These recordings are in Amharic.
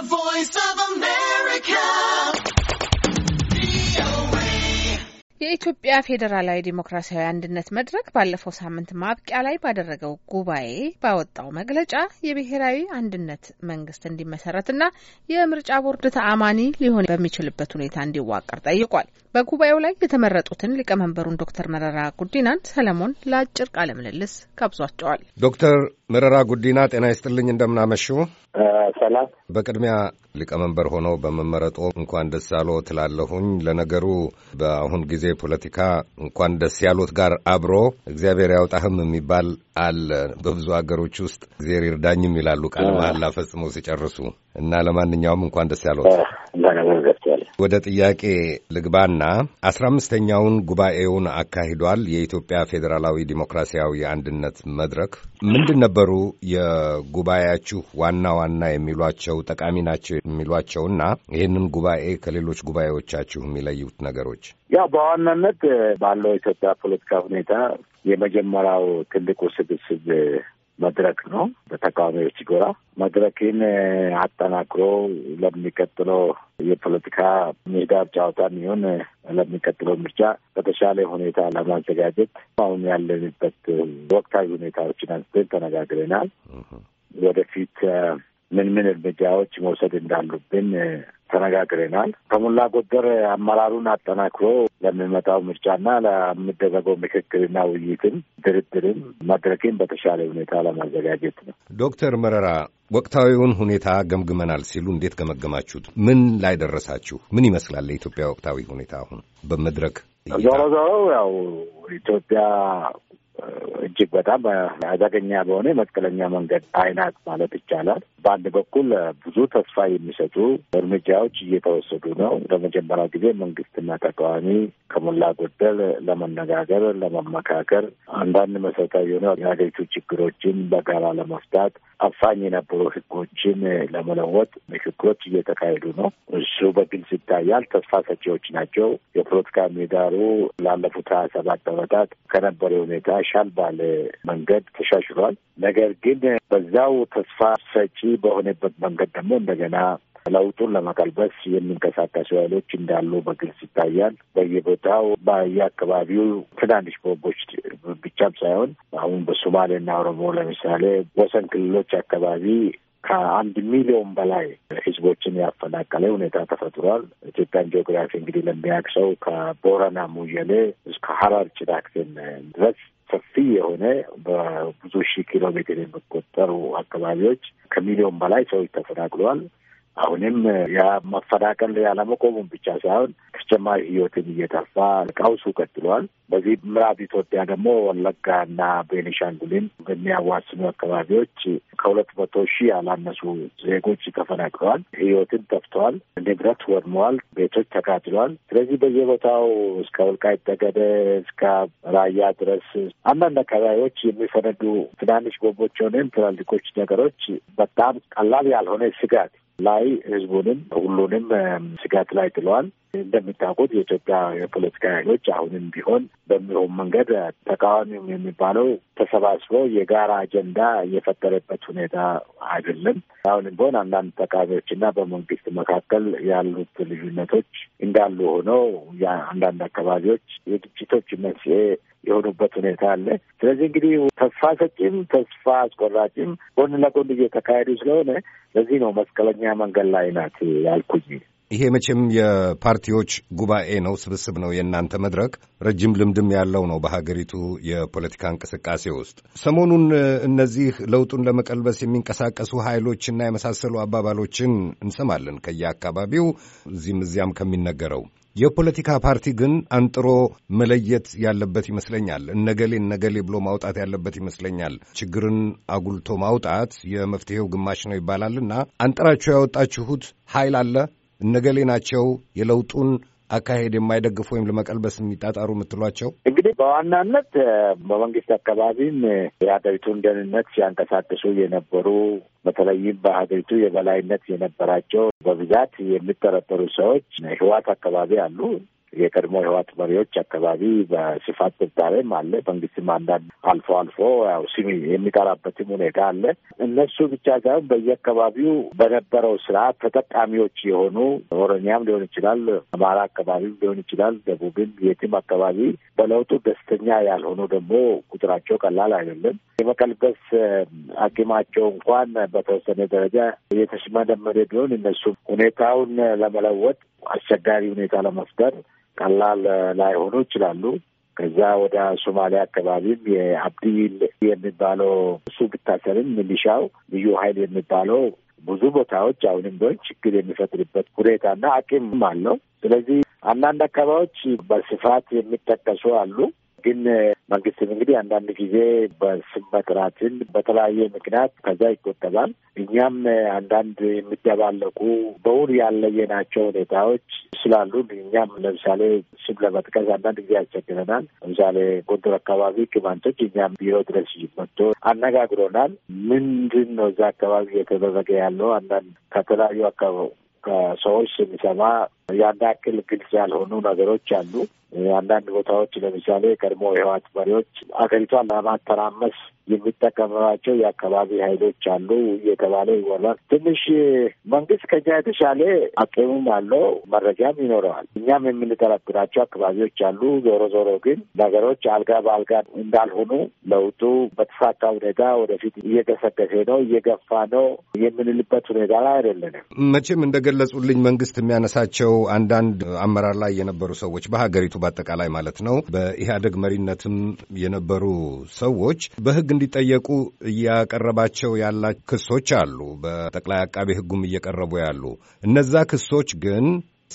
The Voice of America. የኢትዮጵያ ፌዴራላዊ ዴሞክራሲያዊ አንድነት መድረክ ባለፈው ሳምንት ማብቂያ ላይ ባደረገው ጉባኤ ባወጣው መግለጫ የብሔራዊ አንድነት መንግስት እንዲመሰረትና የምርጫ ቦርድ ተአማኒ ሊሆን በሚችልበት ሁኔታ እንዲዋቀር ጠይቋል። በጉባኤው ላይ የተመረጡትን ሊቀመንበሩን ዶክተር መረራ ጉዲናን ሰለሞን ለአጭር ቃለ ምልልስ ጋብዟቸዋል። ዶክተር መረራ ጉዲና ጤና ይስጥልኝ፣ እንደምናመሹ። ሰላም። በቅድሚያ ሊቀመንበር ሆነው በመመረጦ እንኳን ደስ ያሎት ትላለሁኝ። ለነገሩ በአሁን ጊዜ ፖለቲካ እንኳን ደስ ያሎት ጋር አብሮ እግዚአብሔር ያውጣህም የሚባል አለ በብዙ ሀገሮች ውስጥ እግዜር ይርዳኝም ይላሉ ቃለ መሐላ ፈጽመው ሲጨርሱ እና ለማንኛውም እንኳን ደስ ያለት። ወደ ጥያቄ ልግባና አስራ አምስተኛውን ጉባኤውን አካሂዷል የኢትዮጵያ ፌዴራላዊ ዲሞክራሲያዊ አንድነት መድረክ። ምንድን ነበሩ የጉባኤያችሁ ዋና ዋና የሚሏቸው ጠቃሚ ናቸው የሚሏቸውና ይህንን ጉባኤ ከሌሎች ጉባኤዎቻችሁ የሚለዩት ነገሮች? ያው በዋናነት ባለው ኢትዮጵያ ፖለቲካ ሁኔታ የመጀመሪያው ትልቁ ስብስብ መድረክ ነው። በተቃዋሚዎች ጎራ መድረክን አጠናክሮ ለሚቀጥለው የፖለቲካ ሜዳ ጨዋታ የሚሆን ለሚቀጥለው ምርጫ በተሻለ ሁኔታ ለማዘጋጀት አሁን ያለንበት ወቅታዊ ሁኔታዎችን አንስተን ተነጋግረናል። ወደፊት ምን ምን እርምጃዎች መውሰድ እንዳሉብን ተነጋግረናል። ከሞላ ጎደር አመራሩን አጠናክሮ ለሚመጣው ምርጫና ለሚደረገው ምክክርና ውይይትም ድርድርም መድረክን በተሻለ ሁኔታ ለማዘጋጀት ነው። ዶክተር መረራ ወቅታዊውን ሁኔታ ገምግመናል ሲሉ እንዴት ገመገማችሁት? ምን ላይ ደረሳችሁ? ምን ይመስላል ለኢትዮጵያ ወቅታዊ ሁኔታ አሁን በመድረክ ዞሮ ዞሮ ያው ኢትዮጵያ እጅግ በጣም አደገኛ በሆነ መስቀለኛ መንገድ አይናት ማለት ይቻላል። በአንድ በኩል ብዙ ተስፋ የሚሰጡ እርምጃዎች እየተወሰዱ ነው። ለመጀመሪያ ጊዜ መንግስትና ተቃዋሚ ከሞላ ጎደል ለመነጋገር፣ ለመመካከር አንዳንድ መሰረታዊ የሆነ የሀገሪቱ ችግሮችን በጋራ ለመፍታት አፋኝ የነበሩ ህጎችን ለመለወጥ ምክክሮች እየተካሄዱ ነው። እሱ በግልጽ ይታያል። ተስፋ ሰጪዎች ናቸው። የፖለቲካ ምህዳሩ ላለፉት ሀያ ሰባት ዓመታት ከነበረ ሁኔታ ሻሻል ባለ መንገድ ተሻሽሏል። ነገር ግን በዛው ተስፋ ሰጪ በሆነበት መንገድ ደግሞ እንደገና ለውጡን ለመቀልበስ የሚንቀሳቀሱ ኃይሎች እንዳሉ በግልጽ ይታያል። በየቦታው በየአካባቢው ትናንሽ ቦምቦች ብቻም ሳይሆን አሁን በሶማሌና ኦሮሞ ለምሳሌ ወሰን ክልሎች አካባቢ ከአንድ ሚሊዮን በላይ ህዝቦችን ያፈናቀለ ሁኔታ ተፈጥሯል። ኢትዮጵያን ጂኦግራፊ እንግዲህ ለሚያቅሰው ከቦረና ሙየሌ እስከ ሀራር ጭዳክትን ድረስ ሰፊ የሆነ በብዙ ሺህ ኪሎ ሜትር የሚቆጠሩ አካባቢዎች ከሚሊዮን በላይ ሰዎች ተፈናቅለዋል። አሁንም ያ መፈናቀል ያለመቆሙን ብቻ ሳይሆን ተጨማሪ ህይወትን እየጠፋ ቀውሱ ቀጥሏል። በዚህ ምዕራብ ኢትዮጵያ ደግሞ ወለጋና ቤኒሻንጉልን በሚያዋስኑ አካባቢዎች ከሁለት መቶ ሺህ ያላነሱ ዜጎች ተፈናቅለዋል፣ ህይወትን ጠፍተዋል፣ ንብረት ወድመዋል፣ ቤቶች ተቃጥለዋል። ስለዚህ በየቦታው እስከ ወልቃይት ጠገዴ እስከ ራያ ድረስ አንዳንድ አካባቢዎች የሚፈነዱ ትናንሽ ቦምቦች ሆነም ትላልቆች ነገሮች በጣም ቀላል ያልሆነ ስጋት ላይ ህዝቡንም ሁሉንም ስጋት ላይ ጥለዋል። እንደሚታወቁት የኢትዮጵያ የፖለቲካ ኃይሎች አሁንም ቢሆን በሚሆን መንገድ ተቃዋሚውም የሚባለው ተሰባስበው የጋራ አጀንዳ የፈጠረበት ሁኔታ አይደለም። አሁንም ቢሆን አንዳንድ ተቃዋሚዎችና በመንግስት መካከል ያሉት ልዩነቶች እንዳሉ ሆነው አንዳንድ አካባቢዎች የግጭቶች መንስኤ የሆኑበት ሁኔታ አለ። ስለዚህ እንግዲህ ተስፋ ሰጪም ተስፋ አስቆራጭም ጎን ለጎን እየተካሄዱ ስለሆነ ለዚህ ነው መስቀለኛ መንገድ ላይ ናት ያልኩኝ። ይሄ መቼም የፓርቲዎች ጉባኤ ነው፣ ስብስብ ነው። የእናንተ መድረክ ረጅም ልምድም ያለው ነው በሀገሪቱ የፖለቲካ እንቅስቃሴ ውስጥ። ሰሞኑን እነዚህ ለውጡን ለመቀልበስ የሚንቀሳቀሱ ኃይሎችና የመሳሰሉ አባባሎችን እንሰማለን ከየአካባቢው እዚህም እዚያም ከሚነገረው የፖለቲካ ፓርቲ ግን አንጥሮ መለየት ያለበት ይመስለኛል። እነገሌ እነገሌ ብሎ ማውጣት ያለበት ይመስለኛል። ችግርን አጉልቶ ማውጣት የመፍትሄው ግማሽ ነው ይባላልና አንጥራችሁ ያወጣችሁት ኃይል አለ። እነገሌ ናቸው የለውጡን አካሄድ የማይደግፉ ወይም ለመቀልበስ የሚጣጣሩ የምትሏቸው እንግዲህ በዋናነት በመንግስት አካባቢም የሀገሪቱን ደህንነት ሲያንቀሳቅሱ የነበሩ በተለይም በሀገሪቱ የበላይነት የነበራቸው በብዛት የሚጠረጠሩ ሰዎች ህዋት አካባቢ አሉ። የቀድሞ የህዋት መሪዎች አካባቢ በስፋት ድብዳቤም አለ። መንግስትም አንዳንድ አልፎ አልፎ ያው ስሚ የሚጠራበትም ሁኔታ አለ። እነሱ ብቻ ሳይሆን በየአካባቢው በነበረው ስርዓት ተጠቃሚዎች የሆኑ ኦሮሚያም ሊሆን ይችላል፣ አማራ አካባቢም ሊሆን ይችላል፣ ደቡብም፣ የትም አካባቢ በለውጡ ደስተኛ ያልሆኑ ደግሞ ቁጥራቸው ቀላል አይደለም። የመቀልበስ አቅማቸው እንኳን በተወሰነ ደረጃ የተሽመደመደ ቢሆን እነሱ ሁኔታውን ለመለወጥ አስቸጋሪ ሁኔታ ለመፍጠር ቀላል ላይሆኑ ይችላሉ። ከዛ ወደ ሶማሊያ አካባቢም የአብዲል የሚባለው እሱ ብታሰርም ሚሊሻው ልዩ ኃይል የሚባለው ብዙ ቦታዎች አሁንም ቢሆን ችግር የሚፈጥርበት ሁኔታና አቅም አለው። ስለዚህ አንዳንድ አካባቢዎች በስፋት የሚጠቀሱ አሉ። ግን መንግስትም እንግዲህ አንዳንድ ጊዜ በስም መጥራትን በተለያየ ምክንያት ከዛ ይቆጠባል። እኛም አንዳንድ የሚደባለቁ በውል ያለየናቸው ሁኔታዎች ስላሉ እኛም ለምሳሌ ስም ለመጥቀስ አንዳንድ ጊዜ ያስቸግረናል። ለምሳሌ ጎንደር አካባቢ ቅማንቶች እኛም ቢሮ ድረስ መጥቶ አነጋግሮናል። ምንድን ነው እዛ አካባቢ እየተደረገ ያለው አንዳንድ ከተለያዩ አካባቢ ከሰዎች ስንሰማ ያን ያክል ግልጽ ያልሆኑ ነገሮች አሉ። አንዳንድ ቦታዎች ለምሳሌ ቀድሞ የህወሓት መሪዎች አገሪቷን ለማተራመስ የሚጠቀምባቸው የአካባቢ ኃይሎች አሉ እየተባለ ይወራል። ትንሽ መንግስት ከኛ የተሻለ አቅምም አለው መረጃም ይኖረዋል። እኛም የምንጠረጥራቸው አካባቢዎች አሉ። ዞሮ ዞሮ ግን ነገሮች አልጋ በአልጋ እንዳልሆኑ ለውጡ በተሳካ ሁኔታ ወደፊት እየገሰገሰ ነው እየገፋ ነው የምንልበት ሁኔታ ላይ አይደለንም። መቼም እንደገለጹልኝ መንግስት የሚያነሳቸው አንዳንድ አመራር ላይ የነበሩ ሰዎች በሀገሪቱ በአጠቃላይ ማለት ነው በኢህአደግ መሪነትም የነበሩ ሰዎች በህግ እንዲጠየቁ እያቀረባቸው ያላ ክሶች አሉ። በጠቅላይ አቃቤ ህጉም እየቀረቡ ያሉ እነዛ ክሶች ግን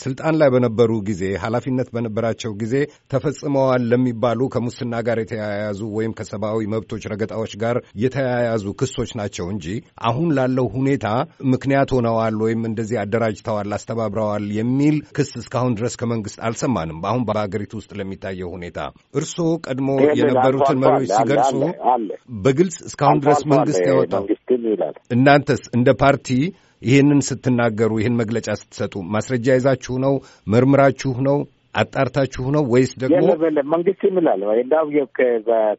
ስልጣን ላይ በነበሩ ጊዜ ኃላፊነት በነበራቸው ጊዜ ተፈጽመዋል ለሚባሉ ከሙስና ጋር የተያያዙ ወይም ከሰብአዊ መብቶች ረገጣዎች ጋር የተያያዙ ክሶች ናቸው እንጂ አሁን ላለው ሁኔታ ምክንያት ሆነዋል ወይም እንደዚህ አደራጅተዋል፣ አስተባብረዋል የሚል ክስ እስካሁን ድረስ ከመንግስት አልሰማንም። አሁን በሀገሪቱ ውስጥ ለሚታየው ሁኔታ እርስዎ ቀድሞ የነበሩትን መሪዎች ሲገልጹ በግልጽ እስካሁን ድረስ መንግስት ያወጣው እናንተስ እንደ ፓርቲ ይህንን ስትናገሩ ይህን መግለጫ ስትሰጡ ማስረጃ ይዛችሁ ነው? መርምራችሁ ነው? አጣርታችሁ ነው ወይስ ደግሞ መንግስት ይምላል እንዳው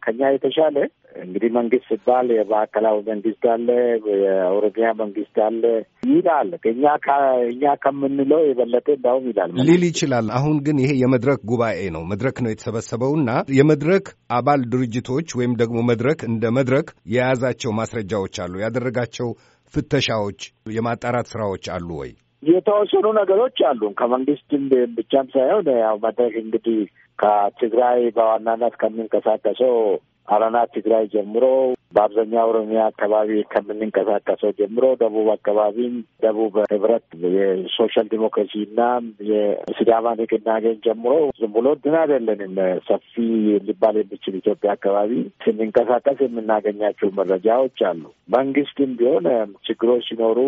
ከኛ የተሻለ እንግዲህ መንግስት ሲባል የማዕከላዊ መንግስት አለ፣ የኦሮሚያ መንግስት አለ ይላል። እኛ እኛ ከምንለው የበለጠ እንዳውም ይላል ሊል ይችላል። አሁን ግን ይሄ የመድረክ ጉባኤ ነው፣ መድረክ ነው የተሰበሰበውና የመድረክ አባል ድርጅቶች ወይም ደግሞ መድረክ እንደ መድረክ የያዛቸው ማስረጃዎች አሉ ያደረጋቸው ፍተሻዎች፣ የማጣራት ስራዎች አሉ ወይ? የተወሰኑ ነገሮች አሉ። ከመንግስት ብቻም ሳይሆን ያው መድረክ እንግዲህ ከትግራይ በዋናነት ከሚንቀሳቀሰው አረና ትግራይ ጀምሮ በአብዛኛው ኦሮሚያ አካባቢ ከምንንቀሳቀሰው ጀምሮ ደቡብ አካባቢም ደቡብ ህብረት የሶሻል ዲሞክራሲና የሲዳማ ንቅናቄን ጀምሮ ዝም ብሎ ድን አይደለንም። ሰፊ ሊባል የሚችል ኢትዮጵያ አካባቢ ስንንቀሳቀስ የምናገኛቸው መረጃዎች አሉ። መንግስትም ቢሆን ችግሮች ሲኖሩ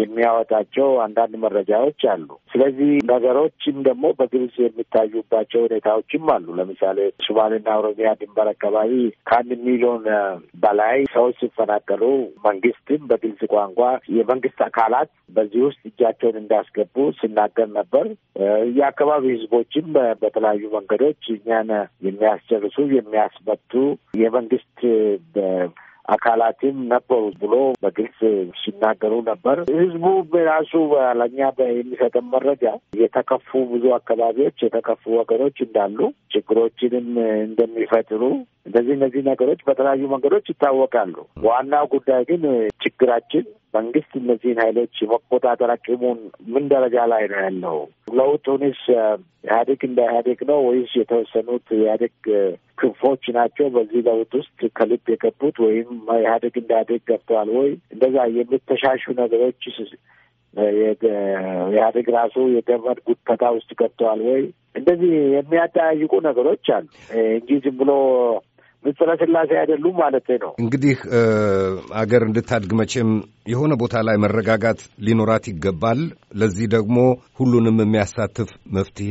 የሚያወጣቸው አንዳንድ መረጃዎች አሉ። ስለዚህ ነገሮችም ደግሞ በግልጽ የሚታዩባቸው ሁኔታዎችም አሉ። ለምሳሌ ሱማሌና ኦሮሚያ ድንበር አካባቢ ከአንድ ሚሊዮን በላይ ላይ ሰዎች ሲፈናቀሉ መንግስትም በግልጽ ቋንቋ የመንግስት አካላት በዚህ ውስጥ እጃቸውን እንዳስገቡ ሲናገር ነበር። የአካባቢ ህዝቦችም በተለያዩ መንገዶች እኛን የሚያስጨርሱ የሚያስመቱ የመንግስት አካላትም ነበሩ ብሎ በግልጽ ሲናገሩ ነበር። ህዝቡ በራሱ ለእኛ የሚሰጠን መረጃ የተከፉ ብዙ አካባቢዎች የተከፉ ወገኖች እንዳሉ ችግሮችንም እንደሚፈጥሩ እንደዚህ እነዚህ ነገሮች በተለያዩ መንገዶች ይታወቃሉ። ዋናው ጉዳይ ግን ችግራችን መንግስት እነዚህን ኃይሎች የመቆጣጠር አቅሙን ምን ደረጃ ላይ ነው ያለው? ለውጡንስ ኢህአዴግ እንደ ኢህአዴግ ነው ወይስ የተወሰኑት ኢህአዴግ ክንፎች ናቸው በዚህ ለውጥ ውስጥ ከልብ የገቡት ወይም ኢህአዴግ እንደ ኢህአዴግ ገብተዋል ወይ? እንደዛ የሚተሻሹ ነገሮች ኢህአዴግ ራሱ የገመድ ጉተታ ውስጥ ገብተዋል ወይ? እንደዚህ የሚያጠያይቁ ነገሮች አሉ እንጂ ዝም ብሎ ንጽረ ስላሴ አይደሉም ማለት ነው። እንግዲህ አገር እንድታድግ መቼም የሆነ ቦታ ላይ መረጋጋት ሊኖራት ይገባል። ለዚህ ደግሞ ሁሉንም የሚያሳትፍ መፍትሄ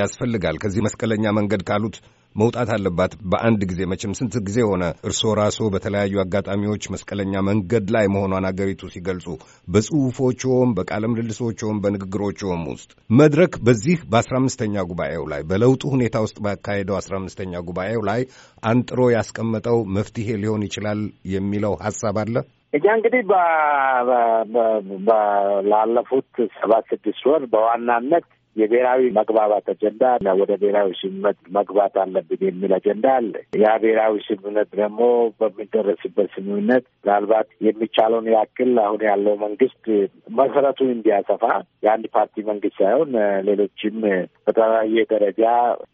ያስፈልጋል። ከዚህ መስቀለኛ መንገድ ካሉት መውጣት አለባት። በአንድ ጊዜ መቼም ስንት ጊዜ ሆነ እርስዎ ራስዎ በተለያዩ አጋጣሚዎች መስቀለኛ መንገድ ላይ መሆኗን አገሪቱ ሲገልጹ በጽሁፎችም፣ በቃለ ምልልሶችም፣ በንግግሮችም ውስጥ መድረክ በዚህ በአስራ አምስተኛ ጉባኤው ላይ በለውጡ ሁኔታ ውስጥ ባካሄደው አስራ አምስተኛ ጉባኤው ላይ አንጥሮ ያስቀመጠው መፍትሄ ሊሆን ይችላል የሚለው ሀሳብ አለ። እኛ እንግዲህ ላለፉት ሰባት ስድስት ወር በዋናነት የብሔራዊ መግባባት አጀንዳ እና ወደ ብሔራዊ ስምምነት መግባት አለብን የሚል አጀንዳ አለ። ያ ብሔራዊ ስምምነት ደግሞ በሚደረስበት ስምምነት ምናልባት የሚቻለውን ያክል አሁን ያለው መንግስት መሰረቱን እንዲያሰፋ የአንድ ፓርቲ መንግስት ሳይሆን ሌሎችም በተለያየ ደረጃ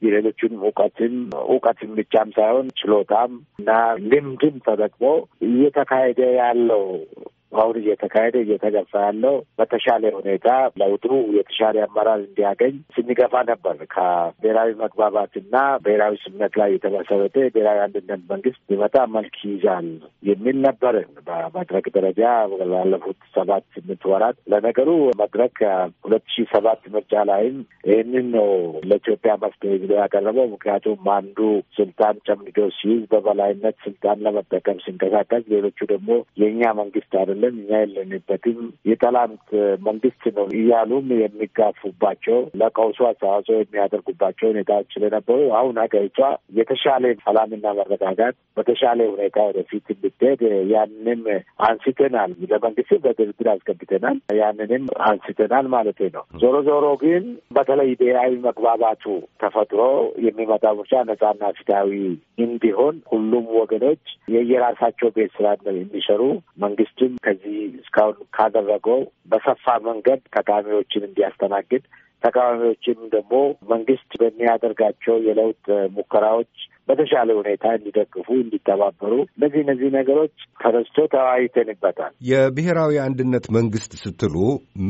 የሌሎችን እውቀትም እውቀትም ብቻም ሳይሆን ችሎታም እና ልምድም ተጠቅሞ እየተካሄደ ያለው አሁን እየተካሄደ እየተገፋ ያለው በተሻለ ሁኔታ ለውጡ የተሻለ አመራር እንዲያገኝ ስንገፋ ነበር። ከብሔራዊ መግባባትና ብሔራዊ ስምነት ላይ የተመሰረተ ብሔራዊ አንድነት መንግስት ሊመጣ መልክ ይይዛል የሚል ነበር በመድረክ ደረጃ ባለፉት ሰባት ስምንት ወራት። ለነገሩ መድረክ ሁለት ሺህ ሰባት ምርጫ ላይም ይህንን ነው ለኢትዮጵያ መፍትሄ ብሎ ያቀረበው። ምክንያቱም አንዱ ስልጣን ጨምዶ ሲይዝ በበላይነት ስልጣን ለመጠቀም ሲንቀሳቀስ፣ ሌሎቹ ደግሞ የእኛ መንግስት አይደለም የለም እኛ የለንበትም የጠላት መንግስት ነው እያሉም የሚጋፉባቸው ለቀውሱ አስተዋጽኦ የሚያደርጉባቸው ሁኔታዎች ስለነበሩ አሁን ሀገሪቷ የተሻለ ሰላምና መረጋጋት በተሻለ ሁኔታ ወደፊት እንድትሄድ ያንንም አንስተናል። ለመንግስት በድርድር አስገብተናል። ያንንም አንስተናል ማለት ነው። ዞሮ ዞሮ ግን በተለይ ብሔራዊ መግባባቱ ተፈጥሮ የሚመጣ ምርጫ ነጻና ፍትሃዊ እንዲሆን ሁሉም ወገኖች የየራሳቸው ቤት ስራ የሚሰሩ መንግስትም ከዚህ እስካሁን ካደረገው በሰፋ መንገድ ተቃዋሚዎችን እንዲያስተናግድ ተቃዋሚዎችን ደግሞ መንግስት በሚያደርጋቸው የለውጥ ሙከራዎች በተሻለ ሁኔታ እንዲደግፉ፣ እንዲተባበሩ እነዚህ እነዚህ ነገሮች ተነስቶ ተወያይተንበታል። የብሔራዊ አንድነት መንግስት ስትሉ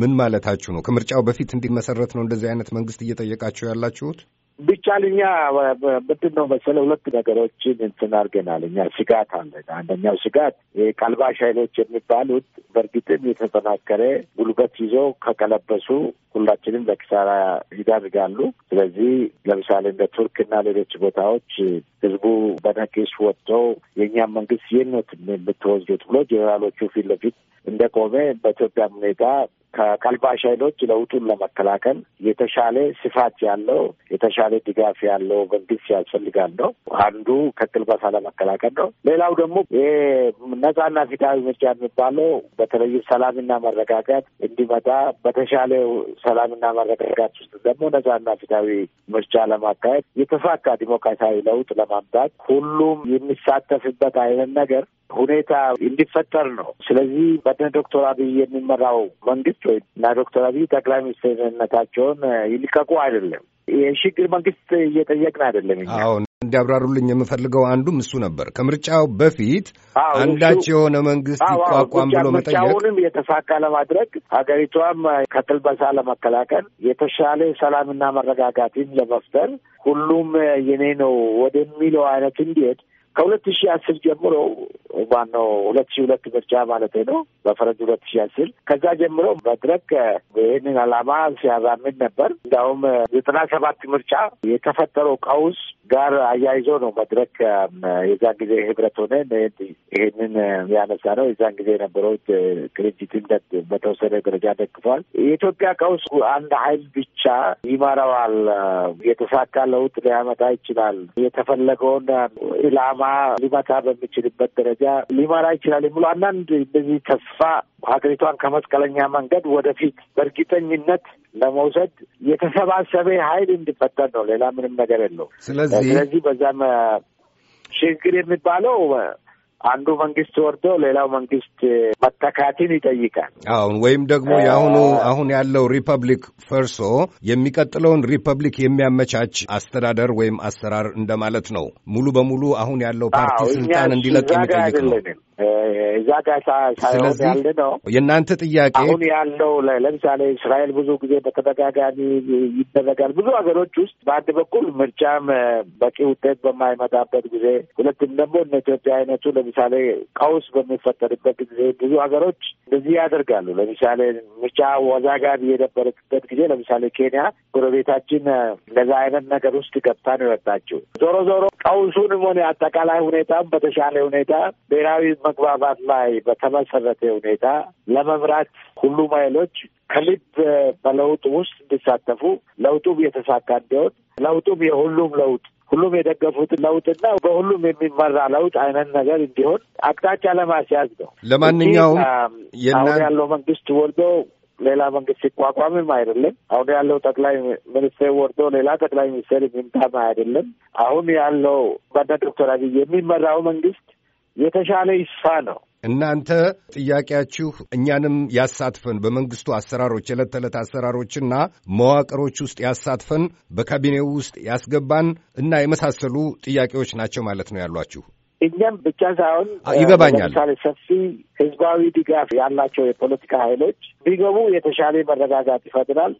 ምን ማለታችሁ ነው? ከምርጫው በፊት እንዲመሰረት ነው እንደዚህ አይነት መንግስት እየጠየቃችሁ ያላችሁት? ቢቻል እኛ ምንድን ነው መሰለ ሁለት ነገሮችን እንትን አድርገናል። እኛ ስጋት አለን። አንደኛው ስጋት ቀልባሽ ኃይሎች የሚባሉት በእርግጥም የተጠናከረ ጉልበት ይዞ ከቀለበሱ ሁላችንም ለኪሳራ ይዳርጋሉ። ስለዚህ ለምሳሌ እንደ ቱርክና ሌሎች ቦታዎች ህዝቡ በነቂስ ወጥተው የእኛም መንግስት የኖት የምትወስዱት ብሎ ጄኔራሎቹ ፊት ለፊት እንደቆመ በኢትዮጵያ ሁኔታ ከቀልባሽ ኃይሎች ለውጡን ለመከላከል የተሻለ ስፋት ያለው የተሻለ ድጋፍ ያለው መንግስት ያስፈልጋል ነው አንዱ ከቅልበሳ ለመከላከል ነው። ሌላው ደግሞ ነጻና ፍትሃዊ ምርጫ የሚባለው በተለይ ሰላምና መረጋጋት እንዲመጣ በተሻለ ሰላምና መረጋጋት ውስጥ ደግሞ ነጻና ፍትሃዊ ምርጫ ለማካሄድ የተሳካ ዲሞክራሲያዊ ለውጥ ለማምጣት ሁሉም የሚሳተፍበት አይነት ነገር ሁኔታ እንዲፈጠር ነው። ስለዚህ በነ ዶክተር አብይ የሚመራው መንግስት ወይ እና ዶክተር አብይ ጠቅላይ ሚኒስትርነታቸውን ይልቀቁ አይደለም የሽግግር መንግስት እየጠየቅን አይደለም። አዎ እንዲያብራሩልኝ የምፈልገው አንዱም እሱ ነበር። ከምርጫው በፊት አንዳች የሆነ መንግስት ይቋቋም ብሎ መጠየቅ ምርጫውንም የተሳካ ለማድረግ ሀገሪቷም ከጥልበሳ ለመከላከል የተሻለ ሰላምና መረጋጋትን ለመፍጠር ሁሉም የኔ ነው ወደሚለው አይነት እንዲሄድ ከሁለት ሺህ አስር ጀምሮ ዋናው ሁለት ሺ ሁለት ምርጫ ማለት ነው በፈረንጅ ሁለት ሺ አስር ከዛ ጀምሮ መድረክ ይህንን አላማ ሲያራምድ ነበር። እንዲያውም ዘጠና ሰባት ምርጫ የተፈጠረው ቀውስ ጋር አያይዞ ነው መድረክ የዛን ጊዜ ህብረት ሆነ ይህንን ያነሳ ነው። የዛን ጊዜ የነበረው ቅንጅትም በተወሰነ ደረጃ ደግፏል። የኢትዮጵያ ቀውስ አንድ ሀይል ብቻ ይመራዋል፣ የተሳካ ለውጥ ሊያመጣ ይችላል፣ የተፈለገውን ኢላማ ሊመታ በሚችልበት ደረጃ ደረጃ ሊመራ ይችላል የሚሉ አንዳንድ እንደዚህ ተስፋ ሀገሪቷን ከመስቀለኛ መንገድ ወደፊት በእርግጠኝነት ለመውሰድ የተሰባሰበ ኃይል እንዲፈጠር ነው። ሌላ ምንም ነገር የለው። ስለዚህ በዛም ሽግግር የሚባለው አንዱ መንግስት ወርዶ ሌላው መንግስት መተካትን ይጠይቃል። አሁን ወይም ደግሞ የአሁኑ አሁን ያለው ሪፐብሊክ ፈርሶ የሚቀጥለውን ሪፐብሊክ የሚያመቻች አስተዳደር ወይም አሰራር እንደማለት ነው። ሙሉ በሙሉ አሁን ያለው ፓርቲ ስልጣን እንዲለቅ የሚጠይቅ ነው። እዛ ጋር ሳይሆን ያለ ነው የእናንተ ጥያቄ። አሁን ያለው ለምሳሌ እስራኤል ብዙ ጊዜ በተደጋጋሚ ይደረጋል ብዙ ሀገሮች ውስጥ በአንድ በኩል ምርጫም በቂ ውጤት በማይመጣበት ጊዜ፣ ሁለትም ደግሞ እነ ኢትዮጵያ አይነቱ ለምሳሌ ቀውስ በሚፈጠርበት ጊዜ ብዙ ሀገሮች እንደዚህ ያደርጋሉ። ለምሳሌ ምርጫ ወዛጋቢ የነበረበት ጊዜ ለምሳሌ ኬንያ ጎረቤታችን እንደዛ አይነት ነገር ውስጥ ገብታ ነው የወጣችው። ዞሮ ዞሮ ቀውሱንም ሆነ አጠቃላይ ሁኔታም በተሻለ ሁኔታ ብሔራዊ መግባባት ላይ በተመሰረተ ሁኔታ ለመምራት ሁሉም ኃይሎች ከልብ በለውጥ ውስጥ እንዲሳተፉ ለውጡም የተሳካ እንዲሆን ለውጡም የሁሉም ለውጥ ሁሉም የደገፉት ለውጥና በሁሉም የሚመራ ለውጥ አይነት ነገር እንዲሆን አቅጣጫ ለማስያዝ ነው። ለማንኛውም አሁን ያለው መንግስት ወልዶ ሌላ መንግስት ሲቋቋምም አይደለም። አሁን ያለው ጠቅላይ ሚኒስቴር ወርዶ ሌላ ጠቅላይ ሚኒስቴር የሚምጣም አይደለም። አሁን ያለው በነ ዶክተር አብይ የሚመራው መንግስት የተሻለ ይስፋ ነው። እናንተ ጥያቄያችሁ እኛንም ያሳትፈን በመንግስቱ አሰራሮች፣ የዕለት ተዕለት አሰራሮችና መዋቅሮች ውስጥ ያሳትፈን፣ በካቢኔው ውስጥ ያስገባን እና የመሳሰሉ ጥያቄዎች ናቸው ማለት ነው ያሏችሁ። እኛም ብቻ ሳይሆን ይገባኛል። ለምሳሌ ሰፊ ህዝባዊ ድጋፍ ያላቸው የፖለቲካ ኃይሎች ቢገቡ የተሻለ መረጋጋት ይፈጥራል።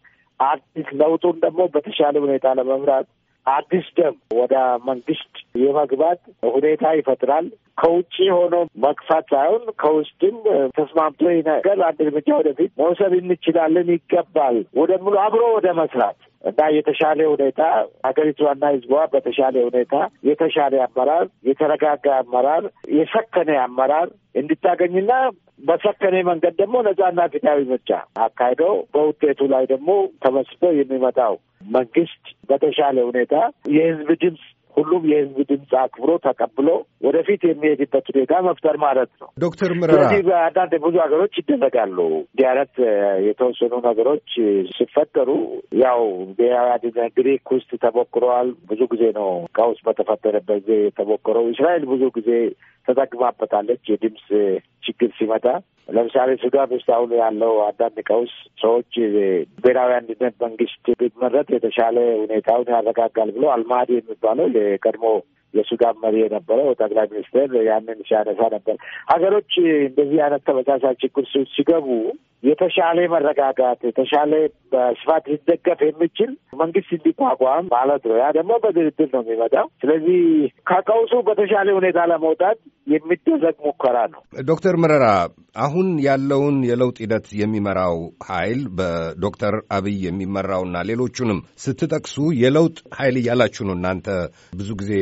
አዲስ ለውጡን ደግሞ በተሻለ ሁኔታ ለመምራት አዲስ ደም ወደ መንግስት የመግባት ሁኔታ ይፈጥራል። ከውጭ ሆኖ መግፋት ሳይሆን ከውስጥም ተስማምቶ ነገር አንድ እርምጃ ወደፊት መውሰድ እንችላለን ይገባል ሙሉ አብሮ ወደ መስራት እና የተሻለ ሁኔታ ሀገሪቷና ህዝቧ በተሻለ ሁኔታ የተሻለ አመራር፣ የተረጋጋ አመራር፣ የሰከነ አመራር እንድታገኝና በሰከኔ መንገድ ደግሞ ነጻና ፍትሃዊ ምርጫ አካሂደው በውጤቱ ላይ ደግሞ ተመስቶ የሚመጣው መንግስት በተሻለ ሁኔታ የህዝብ ድምፅ ሁሉም የህዝብ ድምፅ አክብሮ ተቀብሎ ወደፊት የሚሄድበት ሁኔታ መፍጠር ማለት ነው። ዶክተር ምረራ ስለዚህ በአንዳንድ ብዙ ሀገሮች ይደረጋሉ እንዲህ አይነት የተወሰኑ ነገሮች ሲፈጠሩ ያው ብሔራዊ ግሪክ ውስጥ ተሞክረዋል። ብዙ ጊዜ ነው ቀውስ በተፈጠረበት ጊዜ የተሞክረው። እስራኤል ብዙ ጊዜ ተጠቅማበታለች የድምፅ ችግር ሲመጣ ለምሳሌ ሱዳን ውስጥ አሁን ያለው አንዳንድ ቀውስ ሰዎች ብሔራዊ አንድነት መንግስት ቢመረጥ የተሻለ ሁኔታውን ያረጋጋል ብሎ አልማህዲ የሚባለው የቀድሞ የሱዳን መሪ የነበረው ጠቅላይ ሚኒስትር ያንን ሲያነሳ ነበር። ሀገሮች እንደዚህ አይነት ተመሳሳይ ችግር ሲገቡ የተሻለ መረጋጋት የተሻለ በስፋት ሊደገፍ የሚችል መንግስት እንዲቋቋም ማለት ነው። ያ ደግሞ በድርድር ነው የሚመጣው። ስለዚህ ከቀውሱ በተሻለ ሁኔታ ለመውጣት የሚደረግ ሙከራ ነው። ዶክተር መረራ አሁን ያለውን የለውጥ ሂደት የሚመራው ኃይል በዶክተር አብይ የሚመራውና ሌሎቹንም ስትጠቅሱ የለውጥ ኃይል እያላችሁ ነው እናንተ ብዙ ጊዜ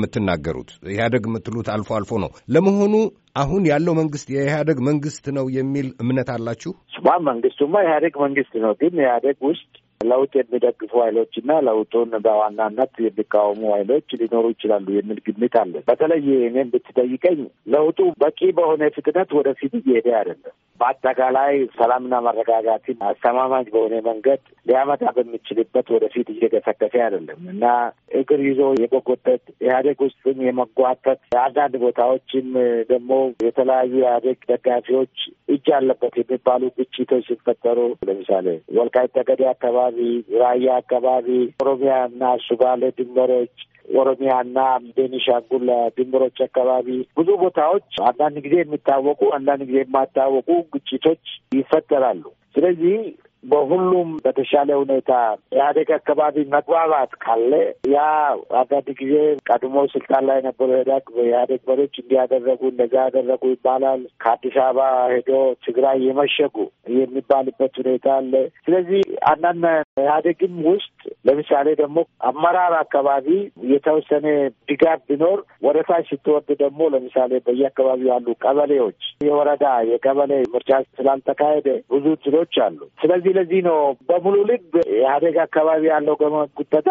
የምትናገሩት። ኢህአደግ የምትሉት አልፎ አልፎ ነው። ለመሆኑ አሁን ያለው መንግስት የኢህአደግ መንግስት ነው የሚል እምነት አላችሁ? ስማ መንግስቱማ ኢህአደግ መንግስት ነው፣ ግን ኢህአደግ ውስጥ ለውጥ የሚደግፉ ኃይሎች እና ለውጡን በዋናነት የሚቃወሙ ኃይሎች ሊኖሩ ይችላሉ የሚል ግምት አለ። በተለይ እኔም ብትጠይቀኝ ለውጡ በቂ በሆነ ፍጥነት ወደፊት እየሄደ አይደለም። በአጠቃላይ ሰላምና መረጋጋትን አስተማማኝ በሆነ መንገድ ሊያመጣ በሚችልበት ወደፊት እየገሰገሰ አይደለም እና እግር ይዞ የመጎተት ኢህአዴግ ውስጥም የመጓተት አንዳንድ ቦታዎችም ደግሞ የተለያዩ ኢህአዴግ ደጋፊዎች እጅ አለበት የሚባሉ ግጭቶች ሲፈጠሩ ለምሳሌ ወልቃይት ጠገዴ አካባቢ አካባቢ፣ ራያ አካባቢ፣ ኦሮሚያና ሱባሌ ድንበሮች ኦሮሚያና ቤኒሻንጉል ድንበሮች አካባቢ ብዙ ቦታዎች አንዳንድ ጊዜ የሚታወቁ አንዳንድ ጊዜ የማይታወቁ ግጭቶች ይፈጠራሉ። ስለዚህ በሁሉም በተሻለ ሁኔታ ኢህአዴግ አካባቢ መግባባት ካለ ያ አንዳንድ ጊዜ ቀድሞ ስልጣን ላይ ነበሩ ኢህአዴግ ኢህአዴግ መሪዎች እንዲያደረጉ እንደዛ ያደረጉ ይባላል። ከአዲስ አበባ ሄዶ ትግራይ የመሸጉ የሚባልበት ሁኔታ አለ። ስለዚህ አንዳንድ ኢህአዴግም ውስጥ ለምሳሌ ደግሞ አመራር አካባቢ የተወሰነ ድጋፍ ቢኖር ወደ ታች ስትወርድ ደግሞ ለምሳሌ በየአካባቢው ያሉ ቀበሌዎች የወረዳ የቀበሌ ምርጫ ስላልተካሄደ ብዙ ትሎች አሉ። ስለዚህ ስለዚህ ለዚህ ነው በሙሉ ልብ ኢህአዴግ አካባቢ ያለው ገመጉተታ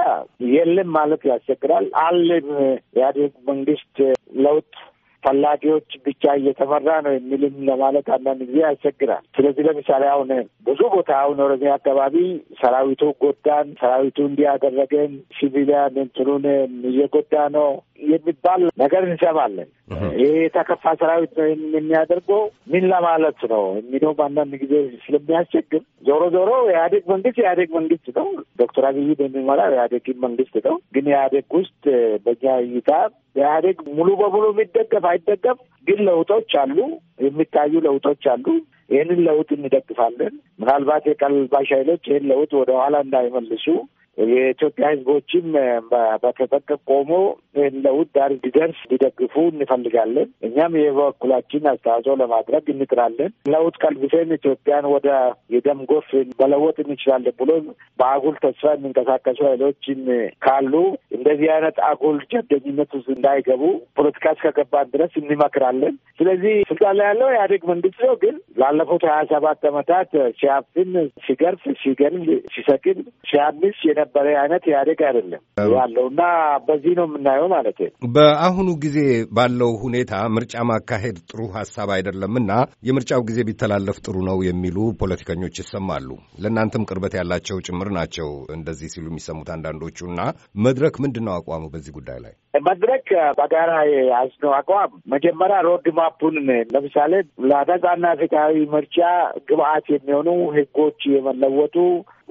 የለም ማለት ያስቸግራል። አለም ኢህአዴግ መንግስት ለውጥ ፈላጊዎች ብቻ እየተመራ ነው የሚልም ለማለት አንዳንድ ጊዜ ያስቸግራል። ስለዚህ ለምሳሌ አሁን ብዙ ቦታ አሁን ኦሮሚያ አካባቢ ሰራዊቱ ጎዳን፣ ሰራዊቱ እንዲያደረገን፣ ሲቪሊያን እንትኑን እየጎዳ ነው የሚባል ነገር እንሰማለን። ይሄ የተከፋ ሰራዊት ነው የሚያደርገው ምን ለማለት ነው የሚለውም አንዳንድ ጊዜ ስለሚያስቸግር፣ ዞሮ ዞሮ ኢህአዴግ መንግስት ኢህአዴግ መንግስት ነው። ዶክተር አብይ በሚመራው ኢህአዴግን መንግስት ነው። ግን ኢህአዴግ ውስጥ በእኛ እይታ በኢህአዴግ ሙሉ በሙሉ የሚደገፍ አይደገፍ፣ ግን ለውጦች አሉ፣ የሚታዩ ለውጦች አሉ። ይህንን ለውጥ እንደግፋለን። ምናልባት የቀልባሽ ኃይሎች ይህን ለውጥ ወደኋላ እንዳይመልሱ የኢትዮጵያ ህዝቦችም በተጠቀቅ ቆሞ ይህን ለውጥ ዳር እንዲደርስ እንዲደግፉ እንፈልጋለን። እኛም የበኩላችን አስተዋጽኦ ለማድረግ እንጥራለን። ለውጥ ቀልብሰን ኢትዮጵያን ወደ የደም ጎፍ መለወጥ እንችላለን ብሎ በአጉል ተስፋ የሚንቀሳቀሱ ኃይሎችን ካሉ እንደዚህ አይነት አጉል ጀብደኝነት ውስጥ እንዳይገቡ ፖለቲካ እስከገባን ድረስ እንመክራለን። ስለዚህ ስልጣን ላይ ያለው ኢህአዴግ መንግስት ነው። ግን ላለፉት ሀያ ሰባት አመታት ሲያፍን፣ ሲገርፍ፣ ሲገል፣ ሲሰቅል፣ ሲያምስ የነ የነበረ አይነት ኢህአዴግ አይደለም ያለው እና በዚህ ነው የምናየው ማለት ነው። በአሁኑ ጊዜ ባለው ሁኔታ ምርጫ ማካሄድ ጥሩ ሀሳብ አይደለም እና የምርጫው ጊዜ ቢተላለፍ ጥሩ ነው የሚሉ ፖለቲከኞች ይሰማሉ። ለእናንተም ቅርበት ያላቸው ጭምር ናቸው እንደዚህ ሲሉ የሚሰሙት አንዳንዶቹ። እና መድረክ ምንድን ነው አቋሙ በዚህ ጉዳይ ላይ? መድረክ በጋራ የያዝነው አቋም መጀመሪያ ሮድ ማፑን ለምሳሌ ለነጻና ፍትሃዊ ምርጫ ግብአት የሚሆኑ ህጎች የመለወጡ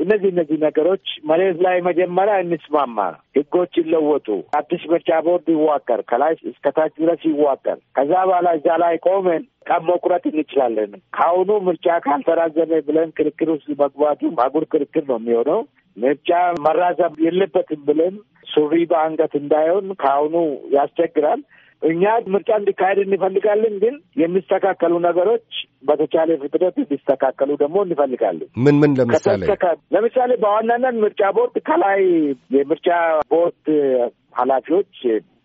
እነዚህ እነዚህ ነገሮች መሬት ላይ መጀመሪያ እንስማማ፣ ህጎች ይለወጡ፣ አዲስ ምርጫ ቦርድ ይዋቀር፣ ከላይ እስከታች ድረስ ይዋቀር። ከዛ በኋላ እዛ ላይ ቆመን ቀን መቁረጥ እንችላለን። ከአሁኑ ምርጫ ካልተራዘመ ብለን ክርክር ውስጥ መግባቱ አጉል ክርክር ነው የሚሆነው። ምርጫ መራዘም የለበትም ብለን ሱሪ በአንገት እንዳይሆን ከአሁኑ ያስቸግራል። እኛ ምርጫ እንዲካሄድ እንፈልጋለን፣ ግን የሚስተካከሉ ነገሮች በተቻለ ፍጥነት እንዲስተካከሉ ደግሞ እንፈልጋለን። ምን ምን ለምሳሌ ለምሳሌ በዋናነት ምርጫ ቦርድ ከላይ የምርጫ ቦርድ ኃላፊዎች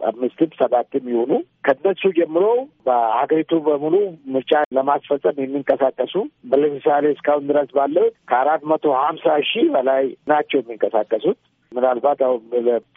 አምስትም ሰባትም ይሆኑ ከነሱ ጀምሮ በሀገሪቱ በሙሉ ምርጫ ለማስፈጸም የሚንቀሳቀሱ ለምሳሌ እስካሁን ድረስ ባለው ከአራት መቶ ሀምሳ ሺህ በላይ ናቸው የሚንቀሳቀሱት ምናልባት አሁን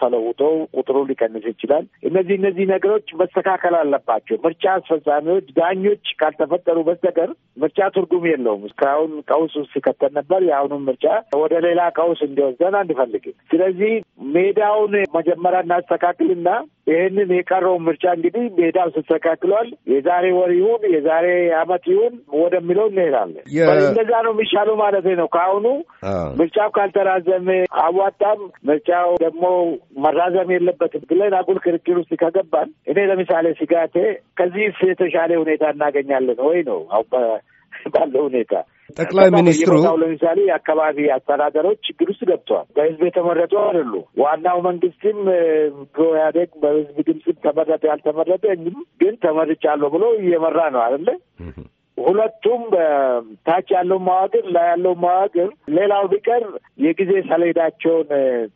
ተለውጠው ቁጥሩ ሊቀንስ ይችላል። እነዚህ እነዚህ ነገሮች መስተካከል አለባቸው። ምርጫ አስፈጻሚዎች፣ ዳኞች ካልተፈጠሩ በስተቀር ምርጫ ትርጉም የለውም። እስካሁን ቀውስ ሲከተል ነበር። የአሁኑም ምርጫ ወደ ሌላ ቀውስ እንዲወስደን አንፈልግም። ስለዚህ ሜዳውን መጀመሪያ እናስተካክልና ይህንን የቀረውን ምርጫ እንግዲህ ሜዳው ስተካክሏል የዛሬ ወር ይሁን የዛሬ አመት ይሁን ወደሚለው እንሄዳለን። እንደዛ ነው የሚሻሉ ማለት ነው። ከአሁኑ ምርጫው ካልተራዘመ አዋጣም ምርጫው ደግሞ መራዘም የለበትም ብለን አጉል ክርክር ውስጥ ከገባን እኔ ለምሳሌ ስጋቴ ከዚህ የተሻለ ሁኔታ እናገኛለን ወይ ነው አሁን ባለው ሁኔታ ጠቅላይ ሚኒስትሩ ለምሳሌ የአካባቢ አስተዳደሮች ችግር ውስጥ ገብተዋል። በህዝብ የተመረጡ አይደሉ። ዋናው መንግስትም ኢህአዴግ በህዝብ ድምፅ ተመረጠ ያልተመረጠ ግን ተመርጫለሁ ብሎ እየመራ ነው አይደለ? ሁለቱም ታች ያለው መዋቅር ላይ ያለው መዋቅር ሌላው ቢቀር የጊዜ ሰሌዳቸውን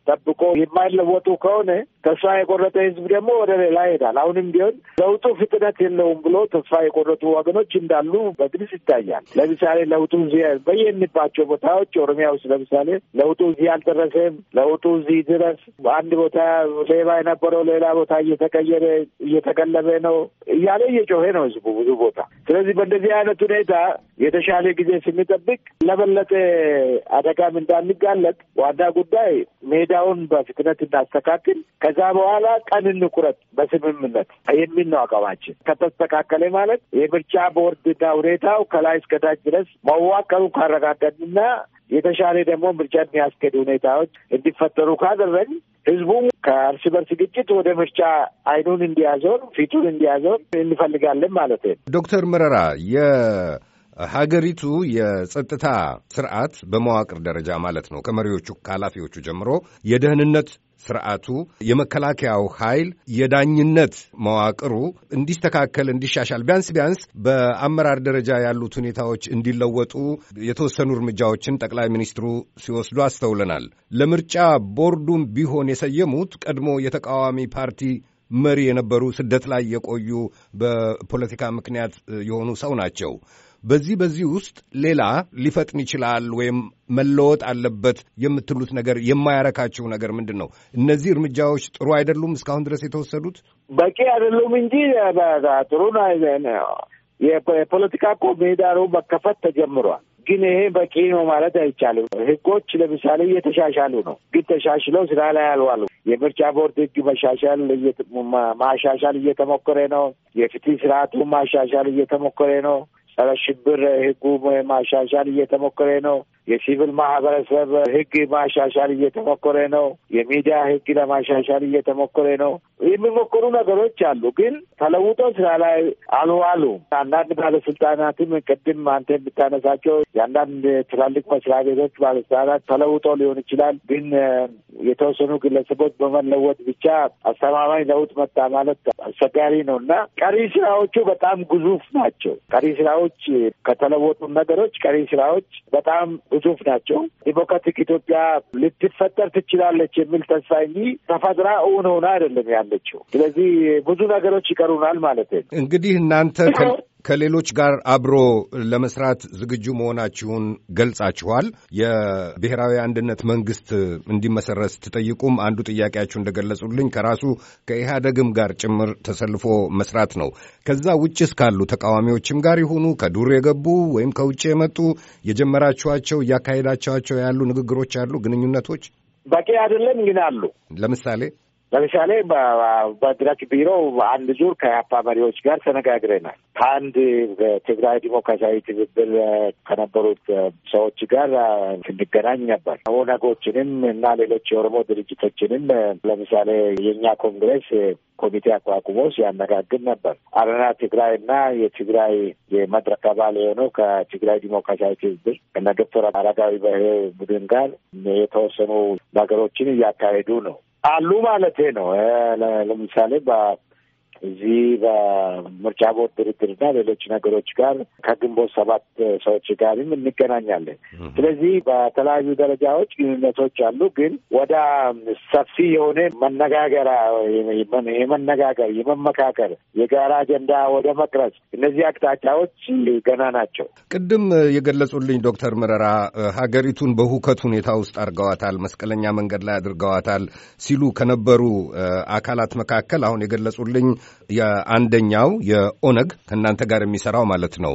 ጠብቆ የማይለወጡ ከሆነ ተስፋ የቆረጠ ህዝብ ደግሞ ወደ ሌላ ይሄዳል። አሁንም ቢሆን ለውጡ ፍጥነት የለውም ብሎ ተስፋ የቆረጡ ወገኖች እንዳሉ በግልጽ ይታያል። ለምሳሌ ለውጡ እዚህ በየንባቸው ቦታዎች ኦሮሚያ ውስጥ ለምሳሌ ለውጡ እዚህ አልደረሰም፣ ለውጡ እዚህ ድረስ፣ አንድ ቦታ ሌባ የነበረው ሌላ ቦታ እየተቀየረ እየተቀለበ ነው እያለ እየጮሄ ነው ህዝቡ ብዙ ቦታ። ስለዚህ በእንደዚህ አይነት ሁኔታ የተሻለ ጊዜ ስንጠብቅ ለበለጠ አደጋም እንዳንጋለጥ ዋና ጉዳይ ሜዳውን በፍጥነት እናስተካክል። ከዛ በኋላ ቀን እንቁረጥ በስምምነት የሚል ነው አቋማችን። ከተስተካከለ ማለት የምርጫ ቦርድና ሁኔታው ከላይ እስከታች ድረስ መዋቀሩ ካረጋገጥንና የተሻለ ደግሞ ምርጫ የሚያስገድ ሁኔታዎች እንዲፈጠሩ ካደረግ ህዝቡም ከእርስ በርስ ግጭት ወደ ምርጫ አይኑን እንዲያዞር ፊቱን እንዲያዞር እንፈልጋለን ማለት ነው። ዶክተር መረራ ሀገሪቱ የጸጥታ ስርዓት በመዋቅር ደረጃ ማለት ነው ከመሪዎቹ ከኃላፊዎቹ ጀምሮ የደህንነት ስርዓቱ፣ የመከላከያው ኃይል፣ የዳኝነት መዋቅሩ እንዲስተካከል እንዲሻሻል፣ ቢያንስ ቢያንስ በአመራር ደረጃ ያሉት ሁኔታዎች እንዲለወጡ የተወሰኑ እርምጃዎችን ጠቅላይ ሚኒስትሩ ሲወስዱ አስተውለናል። ለምርጫ ቦርዱም ቢሆን የሰየሙት ቀድሞ የተቃዋሚ ፓርቲ መሪ የነበሩ ስደት ላይ የቆዩ በፖለቲካ ምክንያት የሆኑ ሰው ናቸው። በዚህ በዚህ ውስጥ ሌላ ሊፈጥን ይችላል ወይም መለወጥ አለበት የምትሉት ነገር የማያረካችሁ ነገር ምንድን ነው? እነዚህ እርምጃዎች ጥሩ አይደሉም፣ እስካሁን ድረስ የተወሰዱት በቂ አይደሉም እንጂ ጥሩ የፖለቲካ እኮ ምህዳሩ መከፈት ተጀምሯል። ግን ይሄ በቂ ነው ማለት አይቻልም። ህጎች ለምሳሌ እየተሻሻሉ ነው፣ ግን ተሻሽለው ስራ ላይ አልዋሉ። የምርጫ ቦርድ ህግ መሻሻል ማሻሻል እየተሞከረ ነው። የፍትህ ስርዓቱ ማሻሻል እየተሞከረ ነው። ጸረ ሽብር ህጉ ማሻሻል እየተሞከረ ነው። የሲቪል ማህበረሰብ ህግ ማሻሻል እየተሞከረ ነው። የሚዲያ ህግ ለማሻሻል እየተሞከረ ነው። የሚሞከሩ ነገሮች አሉ፣ ግን ተለውጦ ስራ ላይ አልዋሉ። አንዳንድ ባለስልጣናትም ቅድም አንተ የምታነሳቸው የአንዳንድ ትላልቅ መስሪያ ቤቶች ባለስልጣናት ተለውጦ ሊሆን ይችላል፣ ግን የተወሰኑ ግለሰቦች በመለወጥ ብቻ አስተማማኝ ለውጥ መጣ ማለት አስቸጋሪ ነው እና ቀሪ ስራዎቹ በጣም ግዙፍ ናቸው። ቀሪ ስራዎች ከተለወጡ ነገሮች ቀሪ ስራዎች በጣም ብዙፍ ናቸው። ዲሞክራቲክ ኢትዮጵያ ልትፈጠር ትችላለች የሚል ተስፋ እንጂ ተፈጥራ እውን ሆና አይደለም ያለችው። ስለዚህ ብዙ ነገሮች ይቀሩናል ማለት ነው። እንግዲህ እናንተ ከሌሎች ጋር አብሮ ለመስራት ዝግጁ መሆናችሁን ገልጻችኋል። የብሔራዊ አንድነት መንግስት እንዲመሰረት ትጠይቁም። አንዱ ጥያቄያችሁ እንደገለጹልኝ ከራሱ ከኢህአደግም ጋር ጭምር ተሰልፎ መስራት ነው። ከዛ ውጭስ ካሉ ተቃዋሚዎችም ጋር ይሁኑ ከዱር የገቡ ወይም ከውጭ የመጡ የጀመራችኋቸው እያካሄዳችኋቸው ያሉ ንግግሮች አሉ፣ ግንኙነቶች በቂ አይደለም ግን አሉ። ለምሳሌ ለምሳሌ በድረክ ቢሮ አንድ ዙር ከያፓ መሪዎች ጋር ተነጋግረናል። ከአንድ በትግራይ ዲሞክራሲያዊ ትብብር ከነበሩት ሰዎች ጋር ስንገናኝ ነበር። ኦነጎችንም እና ሌሎች የኦሮሞ ድርጅቶችንም ለምሳሌ የእኛ ኮንግሬስ ኮሚቴ አቋቁሞ ሲያነጋግር ነበር። አረና ትግራይ እና የትግራይ የመድረክ አባል የሆነው ከትግራይ ዲሞክራሲያዊ ትብብር እና ዶክተር አረጋዊ በርሄ ቡድን ጋር የተወሰኑ ነገሮችን እያካሄዱ ነው። አሉ ማለት ነው። ለምሳሌ እዚህ በምርጫ ቦርድ ድርድርና ሌሎች ነገሮች ጋር ከግንቦት ሰባት ሰዎች ጋርም እንገናኛለን። ስለዚህ በተለያዩ ደረጃዎች ግንኙነቶች አሉ። ግን ወደ ሰፊ የሆነ መነጋገሪያ የመነጋገር የመመካከር የጋራ አጀንዳ ወደ መቅረጽ እነዚህ አቅጣጫዎች ገና ናቸው። ቅድም የገለጹልኝ ዶክተር መረራ ሀገሪቱን በሁከት ሁኔታ ውስጥ አድርገዋታል፣ መስቀለኛ መንገድ ላይ አድርገዋታል ሲሉ ከነበሩ አካላት መካከል አሁን የገለጹልኝ የአንደኛው የኦነግ ከእናንተ ጋር የሚሰራው ማለት ነው።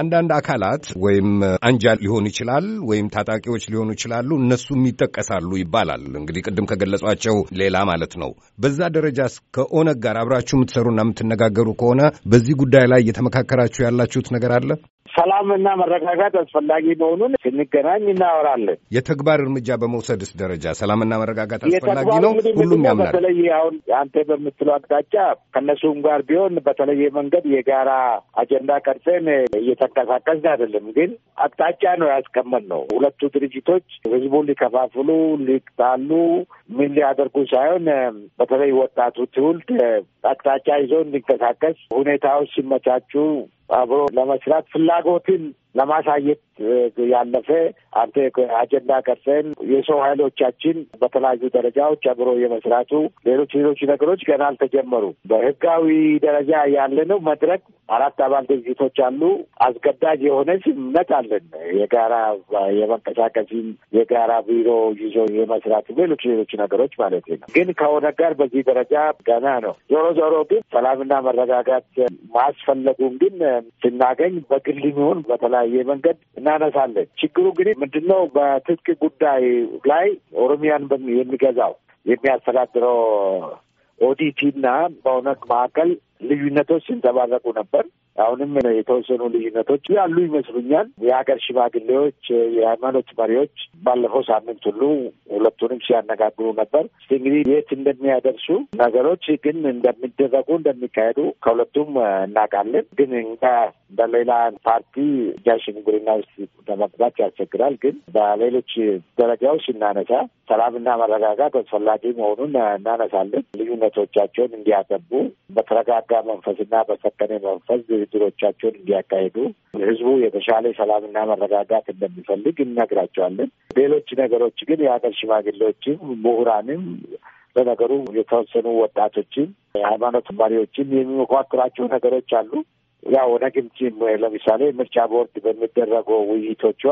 አንዳንድ አካላት ወይም አንጃ ሊሆን ይችላል ወይም ታጣቂዎች ሊሆኑ ይችላሉ፣ እነሱም ይጠቀሳሉ ይባላል። እንግዲህ ቅድም ከገለጿቸው ሌላ ማለት ነው። በዛ ደረጃስ ከኦነግ ጋር አብራችሁ የምትሰሩና የምትነጋገሩ ከሆነ በዚህ ጉዳይ ላይ እየተመካከራችሁ ያላችሁት ነገር አለ? ሰላም እና መረጋጋት አስፈላጊ መሆኑን ስንገናኝ እናወራለን። የተግባር እርምጃ በመውሰድስ ደረጃ ሰላምና መረጋጋት አስፈላጊ ነው፣ ሁሉም ያምናል። በተለይ አሁን አንተ በምትለው አቅጣጫ ከእነሱም ጋር ቢሆን በተለየ መንገድ የጋራ አጀንዳ ቀርጸን እየተንቀሳቀስን አይደለም፣ ግን አቅጣጫ ነው ያስቀመጥነው። ሁለቱ ድርጅቶች ህዝቡን ሊከፋፍሉ፣ ሊጣሉ፣ ምን ሊያደርጉ ሳይሆን በተለይ ወጣቱ ትውልድ አቅጣጫ ይዞ እንዲንቀሳቀስ ሁኔታዎች ሲመቻቹ አብሮ ለመስራት ፍላጎትን ለማሳየት ያለፈ አንተ አጀንዳ ቀርጸን የሰው ኃይሎቻችን በተለያዩ ደረጃዎች አብሮ የመስራቱ ሌሎች ሌሎች ነገሮች ገና አልተጀመሩ። በህጋዊ ደረጃ ያለነው መድረክ አራት አባል ድርጅቶች አሉ። አስገዳጅ የሆነ ስምምነት አለን። የጋራ የመንቀሳቀስም የጋራ ቢሮ ይዞ የመስራቱ ሌሎች ሌሎች ነገሮች ማለት ነው። ግን ከሆነ ጋር በዚህ ደረጃ ገና ነው። ዞሮ ዞሮ ግን ሰላምና መረጋጋት ማስፈለጉን ግን ስናገኝ በግል ሚሆን በተለያዩ በተለያየ መንገድ እናነሳለን። ችግሩ ግን ምንድነው? በትጥቅ ጉዳይ ላይ ኦሮሚያን የሚገዛው የሚያስተዳድረው ኦዲቲ እና በኦነግ መካከል ልዩነቶች ሲንጸባረቁ ነበር። አሁንም የተወሰኑ ልዩነቶች ያሉ ይመስሉኛል። የሀገር ሽማግሌዎች፣ የሃይማኖት መሪዎች ባለፈው ሳምንት ሁሉ ሁለቱንም ሲያነጋግሩ ነበር። እንግዲህ የት እንደሚያደርሱ ነገሮች ግን እንደሚደረጉ እንደሚካሄዱ ከሁለቱም እናውቃለን። ግን እንደ በሌላ ፓርቲ እኛ ሽምግልና ውስጥ ለመግባት ያስቸግራል። ግን በሌሎች ደረጃው ሲናነሳ ሰላምና መረጋጋት አስፈላጊ መሆኑን እናነሳለን። ልዩነቶቻቸውን እንዲያገቡ በተረጋጋ መንፈስና በሰከነ መንፈስ ድርድሮቻቸውን እንዲያካሄዱ ህዝቡ የተሻለ ሰላምና መረጋጋት እንደሚፈልግ እነግራቸዋለን። ሌሎች ነገሮች ግን የሀገር ሽማግሌዎችም ምሁራንም ለነገሩ የተወሰኑ ወጣቶችን የሃይማኖት መሪዎችም የሚመኳክራቸው ነገሮች አሉ። ያው ኦነግም ለምሳሌ ምርጫ ቦርድ በሚደረጉ ውይይቶች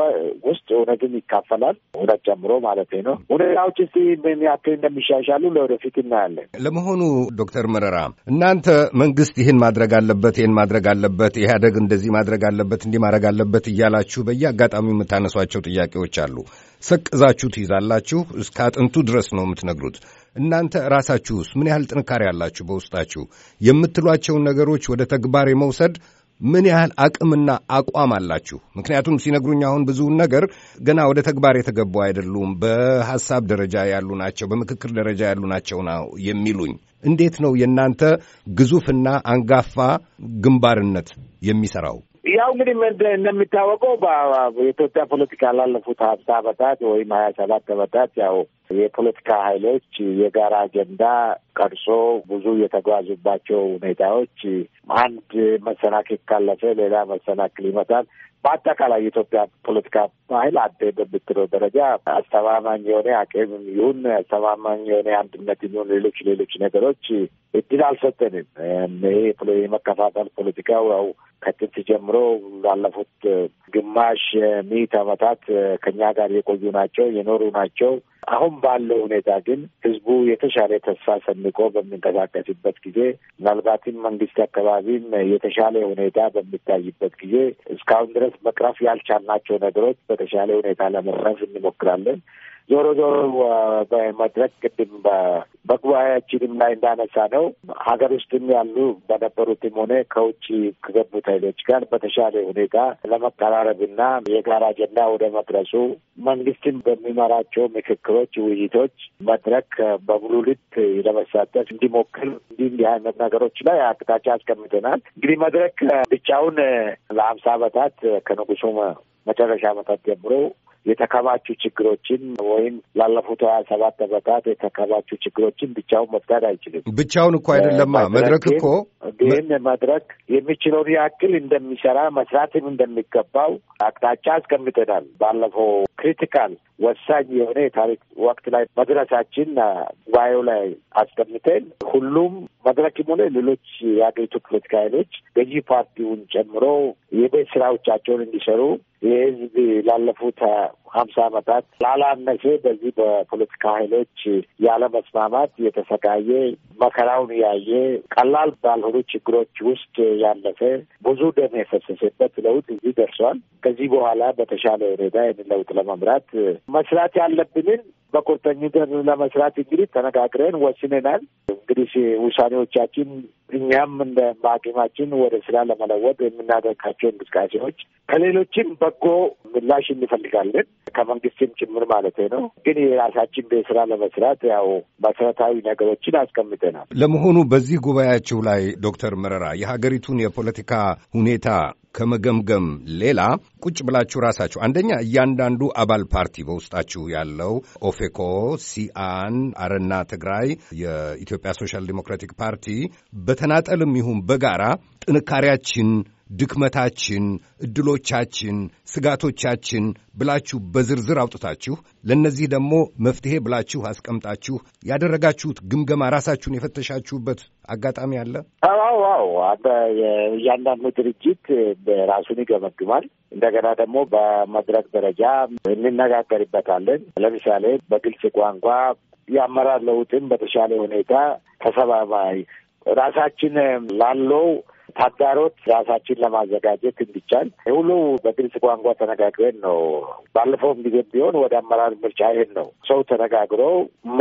ውስጥ ኦነግም ይካፈላል፣ ሁለት ጨምሮ ማለት ነው። ሁኔታዎች እስቲ ምን ያክል እንደሚሻሻሉ ለወደፊት እናያለን። ለመሆኑ ዶክተር መረራ እናንተ መንግስት ይህን ማድረግ አለበት፣ ይህን ማድረግ አለበት፣ ኢህአደግ እንደዚህ ማድረግ አለበት፣ እንዲህ ማድረግ አለበት እያላችሁ በየአጋጣሚው የምታነሷቸው ጥያቄዎች አሉ። ሰቅዛችሁ ትይዛላችሁ። እስከ አጥንቱ ድረስ ነው የምትነግሩት። እናንተ ራሳችሁስ ምን ያህል ጥንካሬ አላችሁ? በውስጣችሁ የምትሏቸውን ነገሮች ወደ ተግባር የመውሰድ ምን ያህል አቅምና አቋም አላችሁ? ምክንያቱም ሲነግሩኝ አሁን ብዙውን ነገር ገና ወደ ተግባር የተገቡ አይደሉም፣ በሐሳብ ደረጃ ያሉ ናቸው፣ በምክክር ደረጃ ያሉ ናቸው ነው የሚሉኝ። እንዴት ነው የእናንተ ግዙፍና አንጋፋ ግንባርነት የሚሠራው? ያው እንግዲህ እንደሚታወቀው በኢትዮጵያ ፖለቲካ ላለፉት ሀምሳ አመታት ወይም ሀያ ሰባት አመታት ያው የፖለቲካ ሀይሎች የጋራ አጀንዳ ቀርሶ ብዙ የተጓዙባቸው ሁኔታዎች አንድ መሰናክል ካለፈ ሌላ መሰናክል ይመጣል። በአጠቃላይ የኢትዮጵያ ፖለቲካ ሀይል አንዴ በምትለው ደረጃ አስተማማኝ የሆነ አቅም ይሁን አስተማማኝ የሆነ አንድነት ይሁን ሌሎች ሌሎች ነገሮች እድል አልሰጠንም። ይሄ የመከፋፈል ፖለቲካው ያው ከጥንት ጀምሮ ላለፉት ግማሽ ሚት ዓመታት ከኛ ጋር የቆዩ ናቸው የኖሩ ናቸው። አሁን ባለው ሁኔታ ግን ህዝቡ የተሻለ ተስፋ ሰንቆ በሚንቀሳቀስበት ጊዜ ምናልባትም መንግስት አካባቢም የተሻለ ሁኔታ በሚታይበት ጊዜ እስካሁን ድረስ መቅረፍ ያልቻልናቸው ነገሮች በተሻለ ሁኔታ ለመቅረፍ እንሞክራለን። ዞሮ ዞሮ በመድረክ ቅድም በጉባኤያችንም ላይ እንዳነሳ ነው ሀገር ውስጥም ያሉ በነበሩትም ሆነ ከውጭ ከገቡት ኃይሎች ጋር በተሻለ ሁኔታ ለመቀራረብና የጋራ አጀንዳ ወደ መድረሱ መንግስትን በሚመራቸው ምክክሮች፣ ውይይቶች መድረክ በሙሉ ልት ለመሳተፍ እንዲሞክር እንዲህ እንዲህ አይነት ነገሮች ላይ አቅጣጫ አስቀምጠናል። እንግዲህ መድረክ ብቻውን ለአምሳ ዓመታት ከንጉሱም መጨረሻ ዓመታት ጀምሮ የተከማቹ ችግሮችን ወይም ላለፉት ሀያ ሰባት ዓመታት የተከማቹ ችግሮችን ብቻውን መፍታት አይችልም። ብቻውን እኮ አይደለማ መድረክ እኮ ግን መድረክ የሚችለውን ያክል እንደሚሰራ መስራትም እንደሚገባው አቅጣጫ አስቀምጠናል። ባለፈው ክሪቲካል ወሳኝ የሆነ የታሪክ ወቅት ላይ መድረሳችን ጉባኤው ላይ አስቀምጠን ሁሉም መድረክም ሆነ ሌሎች የሀገሪቱ ፖለቲካ ኃይሎች ገዢ ፓርቲውን ጨምሮ የቤት ስራዎቻቸውን እንዲሰሩ የህዝብ ላለፉት ሀምሳ ዓመታት ላላነሰ በዚህ በፖለቲካ ኃይሎች ያለመስማማት የተሰቃየ መከራውን ያየ ቀላል ባልሆኑ ችግሮች ውስጥ ያለፈ ብዙ ደም የፈሰሰበት ለውጥ እዚህ ደርሷል። ከዚህ በኋላ በተሻለ ሁኔታ ይህንን ለውጥ ለመምራት መስራት ያለብንን በቁርጠኝነት ለመስራት እንግዲህ ተነጋግረን ወስነናል። እንግዲህ ውሳኔዎቻችን እኛም እንደ በአቅማችን ወደ ስራ ለመለወጥ የምናደርጋቸው እንቅስቃሴዎች ከሌሎችም በጎ ምላሽ እንፈልጋለን፣ ከመንግስትም ጭምር ማለት ነው። ግን የራሳችን በስራ ስራ ለመስራት ያው መሰረታዊ ነገሮችን አስቀምጠናል። ለመሆኑ በዚህ ጉባኤያችሁ ላይ ዶክተር መረራ የሀገሪቱን የፖለቲካ ሁኔታ ከመገምገም ሌላ ቁጭ ብላችሁ ራሳችሁ አንደኛ እያንዳንዱ አባል ፓርቲ በውስጣችሁ ያለው ኦፌኮ፣ ሲአን፣ አረና ትግራይ፣ የኢትዮጵያ ሶሻል ዲሞክራቲክ ፓርቲ በተናጠልም ይሁን በጋራ ጥንካሬያችን ድክመታችን፣ ዕድሎቻችን፣ ስጋቶቻችን ብላችሁ በዝርዝር አውጥታችሁ ለእነዚህ ደግሞ መፍትሔ ብላችሁ አስቀምጣችሁ ያደረጋችሁት ግምገማ ራሳችሁን የፈተሻችሁበት አጋጣሚ አለ? አዎ፣ አዎ። እያንዳንዱ ድርጅት ራሱን ይገመግማል። እንደገና ደግሞ በመድረክ ደረጃ እንነጋገርበታለን። ለምሳሌ በግልጽ ቋንቋ የአመራር ለውጥን በተሻለ ሁኔታ ተሰባባይ ራሳችን ላለው ታጋሮት ራሳችን ለማዘጋጀት እንዲቻል ሁሉ በግልጽ ቋንቋ ተነጋግረን ነው። ባለፈውም ጊዜ ቢሆን ወደ አመራር ምርጫ ይሄን ነው ሰው ተነጋግሮ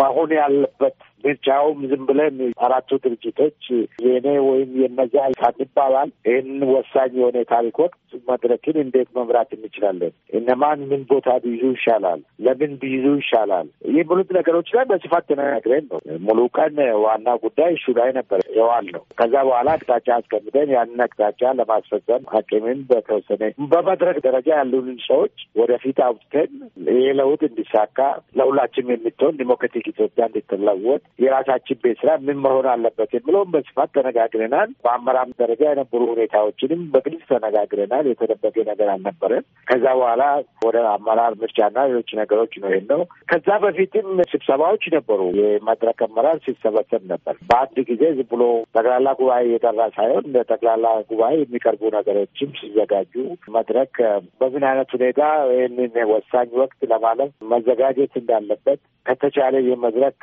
መሆን ያለበት ብቻውም ዝም ብለን አራቱ ድርጅቶች የኔ ወይም የነዛ ሳንባባል ይህን ወሳኝ የሆነ የታሪክ ወቅት መድረክን እንዴት መምራት እንችላለን? እነማን ምን ቦታ ቢይዙ ይሻላል? ለምን ቢይዙ ይሻላል? ይህ ብሉት ነገሮች ላይ በስፋት ተነጋግረን ነው። ሙሉ ቀን ዋና ጉዳይ እሱ ላይ ነበር የዋል ነው። ከዛ በኋላ አቅጣጫ አስቀምደን ያንን አቅጣጫ ለማስፈጸም ሐኪምን በተወሰነ በመድረክ ደረጃ ያሉንን ሰዎች ወደፊት አውጥተን ይህ ለውጥ እንዲሳካ ለሁላችንም የምትሆን ዲሞክራቲክ ኢትዮጵያ እንድትለወጥ የራሳችን ቤት ስራ ምን መሆን አለበት የሚለውን በስፋት ተነጋግረናል። በአመራም ደረጃ የነበሩ ሁኔታዎችንም በግልጽ ተነጋግረናል። የተደበቀ ነገር አልነበረም። ከዛ በኋላ ወደ አመራር ምርጫና ሌሎች ነገሮች ነው ይሄን ነው። ከዛ በፊትም ስብሰባዎች ነበሩ። የመድረክ አመራር ሲሰበሰብ ነበር። በአንድ ጊዜ ዝም ብሎ ጠቅላላ ጉባኤ የጠራ ሳይሆን ለጠቅላላ ጉባኤ የሚቀርቡ ነገሮችም ሲዘጋጁ መድረክ በምን አይነት ሁኔታ ይህንን ወሳኝ ወቅት ለማለፍ መዘጋጀት እንዳለበት ከተቻለ የመድረክ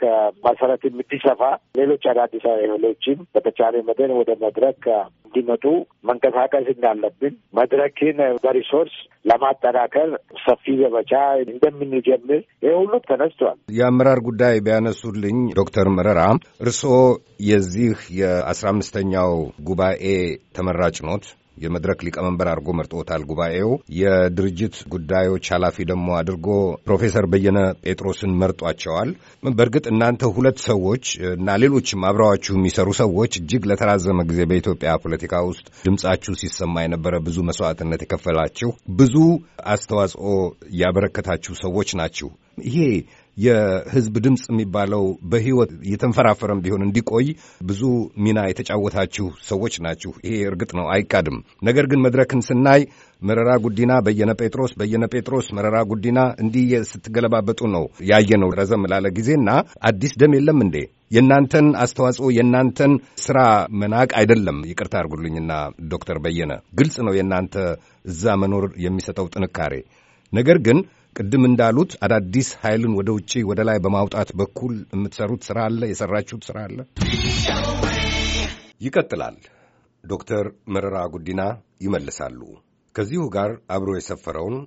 መሰረት መድረክም እንዲሰፋ ሌሎች አዳዲስ ኃይሎችም በተቻለ መጠን ወደ መድረክ እንዲመጡ መንቀሳቀስ እንዳለብን መድረክን በሪሶርስ ለማጠናከር ሰፊ ዘመቻ እንደምንጀምር ይህ ሁሉ ተነስቷል። የአመራር ጉዳይ ቢያነሱልኝ ዶክተር መረራ እርስዎ የዚህ የአስራ አምስተኛው ጉባኤ ተመራጭ ኖት። የመድረክ ሊቀመንበር አድርጎ መርጦታል ጉባኤው። የድርጅት ጉዳዮች ኃላፊ ደግሞ አድርጎ ፕሮፌሰር በየነ ጴጥሮስን መርጧቸዋል። በእርግጥ እናንተ ሁለት ሰዎች እና ሌሎችም አብረዋችሁ የሚሰሩ ሰዎች እጅግ ለተራዘመ ጊዜ በኢትዮጵያ ፖለቲካ ውስጥ ድምጻችሁ ሲሰማ የነበረ ብዙ መስዋዕትነት የከፈላችሁ ብዙ አስተዋጽኦ ያበረከታችሁ ሰዎች ናችሁ። ይሄ የህዝብ ድምፅ የሚባለው በህይወት እየተንፈራፈረም ቢሆን እንዲቆይ ብዙ ሚና የተጫወታችሁ ሰዎች ናችሁ። ይሄ እርግጥ ነው፣ አይካድም። ነገር ግን መድረክን ስናይ መረራ ጉዲና፣ በየነ ጴጥሮስ፣ በየነ ጴጥሮስ፣ መረራ ጉዲና እንዲህ ስትገለባበጡ ነው ያየነው ረዘም ላለ ጊዜና አዲስ ደም የለም እንዴ? የእናንተን አስተዋጽኦ የእናንተን ስራ መናቅ አይደለም። ይቅርታ አድርጉልኝና ዶክተር በየነ ግልጽ ነው የእናንተ እዛ መኖር የሚሰጠው ጥንካሬ ነገር ግን ቅድም እንዳሉት አዳዲስ ኃይልን ወደ ውጭ ወደ ላይ በማውጣት በኩል የምትሰሩት ስራ አለ፣ የሰራችሁት ስራ አለ። ይቀጥላል። ዶክተር መረራ ጉዲና ይመልሳሉ። ከዚሁ ጋር አብሮ የሰፈረውን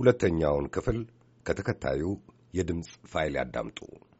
ሁለተኛውን ክፍል ከተከታዩ የድምፅ ፋይል ያዳምጡ።